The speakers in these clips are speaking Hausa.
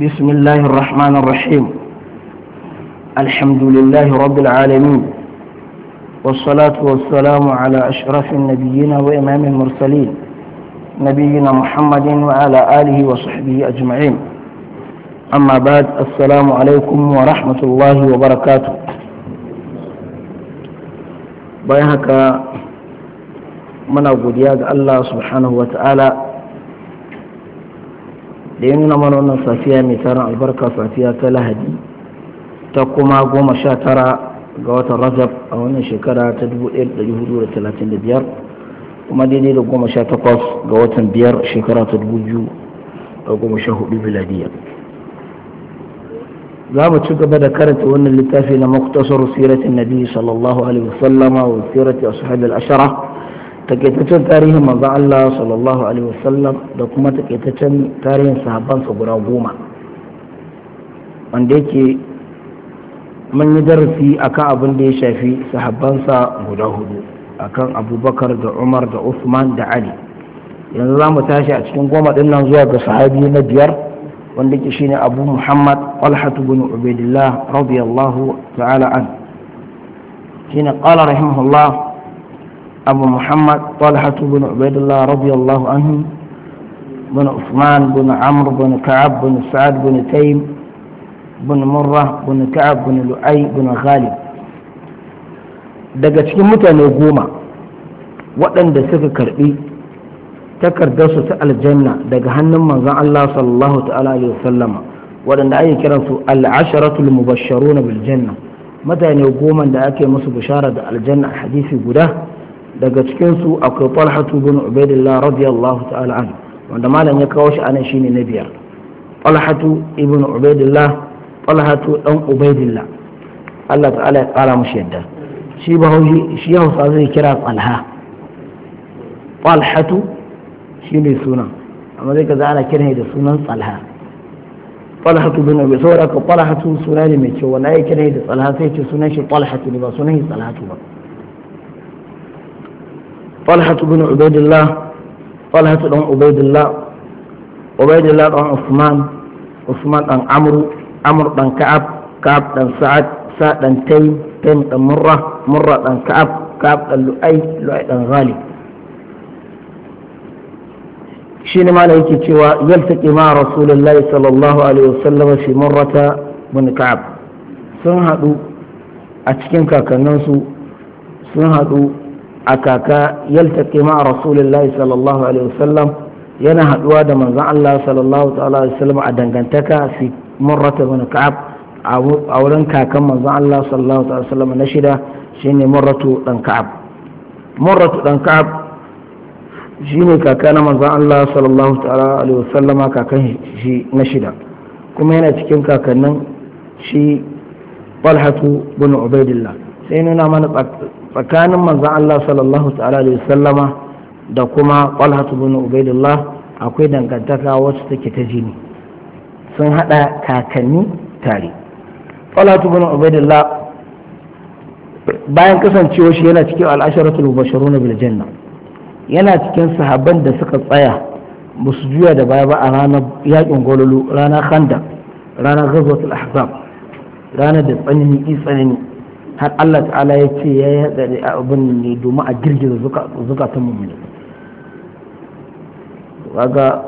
بسم الله الرحمن الرحيم الحمد لله رب العالمين والصلاة والسلام على أشرف النبيين وإمام المرسلين نبينا محمد وعلى آله وصحبه أجمعين أما بعد السلام عليكم ورحمة الله وبركاته بايهك من أبو دياد الله سبحانه وتعالى da ya nuna mana wannan safiya mai taron albarka safiya ta lahadi ta kuma goma sha tara ga watan rajab a wannan shekara ta 1435 kuma daidai da goma sha takwas ga watan biyar shekara ta 2014 miladiyya za mu ci gaba da karanta wannan littafi na maktasar siratin nabi sallallahu alaihi wasallama wa sirati ashabil ashara takaitaccen tarihin manzon Allah sallallahu alaihi wasallam da kuma takaitaccen tarihin sahabbansa guda goma wanda yake mun yi darasi akan abin da ya shafi sahabbansa guda hudu akan abubakar da umar da usman da ali yanzu za mu tashi a cikin goma din nan zuwa ga sahabi na biyar wanda ke shine abu muhammad walhatu bin ubaidillah radiyallahu ta'ala an shine qala rahimahullah أبو محمد طلحة بن عبيد الله رضي الله عنه بن عثمان بن عمرو بن كعب بن سعد بن تيم بن مرة بن كعب بن لؤي بن غالب daga cikin mutane goma waɗanda suka karɓi takardarsu ta aljanna daga hannun manzon Allah sallallahu ta'ala alaihi wasallama waɗanda ake kiran su al-asharatul mubashsharuna bil janna mutane goma da ake musu bishara da aljanna hadisi guda daga cikinsu akwai talhatu bin ubaidillah radiyallahu ta'ala an wanda malam ya kawo shi anan shine na biyar talhatu ibn ubaidillah talhatu dan ubaidillah Allah ta'ala ya kara mushi yadda shi bahaushe shi hausa zai kira talha talhatu shine sunan amma zai kaza ana kiran da sunan talha talhatu bin ubaidillah saboda ka talhatu suna ne mai kyau wanda ya kira da talha sai ce sunan shi talhatu ne ba sunan shi talhatu ba طلحة بن عبيد الله طلحة بن عبيد الله عبيد الله بن عثمان عثمان بن عمرو عمرو بن كعب كعب بن سعد سعد بن تيم تيم بن مرة مرة بن كعب كعب بن لؤي لؤي بن غالب شين ما لك تشوى يلتقي مع رسول الله صلى الله عليه وسلم في مرة بن كعب sun haɗu a cikin kakanninsu sun haɗu A akaka yaltaqi ma rasulullahi sallallahu alaihi wasallam yana haduwa da manzon Allah sallallahu ta'ala alaihi wasallam a dangantaka fi murrata bin ka'ab a wurin kakan manzon Allah sallallahu ta'ala alaihi wasallam na shida shine murratu dan ka'ab murratu dan ka'ab shine kaka na manzon Allah sallallahu ta'ala alaihi wasallama kakan shi na shida kuma yana cikin kakannin shi Talhatu bin Ubaidillah sai nuna mana tsakanin manzan Allah sallallahu alaihi sallama da kuma Talha bin Ubaidillah akwai dangantaka wacce take ta jini sun hada kakanni tare Talha bin Ubaidillah bayan kasancewa shi yana cikin al'asharatul mubashirun bil janna yana cikin sahabban da suka tsaya ba su juya da baya ba a ranar yakin gololo ranar khandak ranar ghazwatul ahzab ranar da tsanani tsanani har Allah ta'ala ya ce ya yi hadari da abin ne domin a girgiza zukatan mummuni kaga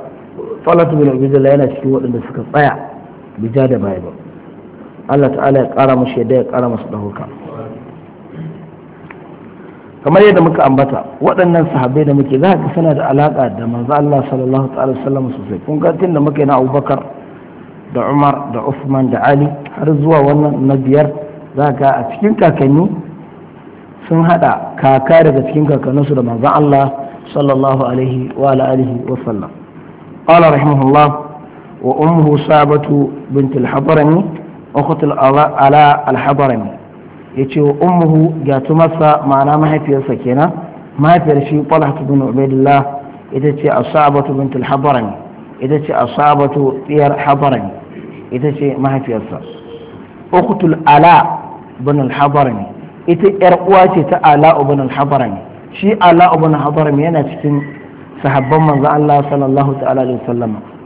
falatu bin ubaidillah yana cikin waɗanda suka tsaya bija da baya ba Allah ta'ala ya ƙara musu yadda ya ƙara musu ɗaukaka kamar yadda muka ambata waɗannan sahabbai da muke za ka sana da alaƙa da manzo Allah sallallahu ta'ala sallam sosai kun ga tun da muke na Abubakar da Umar da Uthman da Ali har zuwa wannan na biyar za ka a cikin kakanni sun hada kaka daga cikin kakanninsu da manzon Allah sallallahu alaihi wa alihi wa sallam qala rahimahullah wa ummuhu sabatu bint al-hadrami ukhtu ala al-hadrami yace wa ummuhu gatumarsa ma'ana mahaifiyarsa kenan mahaifiyar shi talha bin ubaidillah ita ce asabatu bint al-hadrami ita ce asabatu diyar hadrami ita ce mahaifiyarsa ukhtul ala bin al-hadarami ita yar uwa ce ta ala bin al-hadarami shi ala bin al-hadarami yana cikin sahabban manzo Allah sallallahu ta'ala alaihi wasallam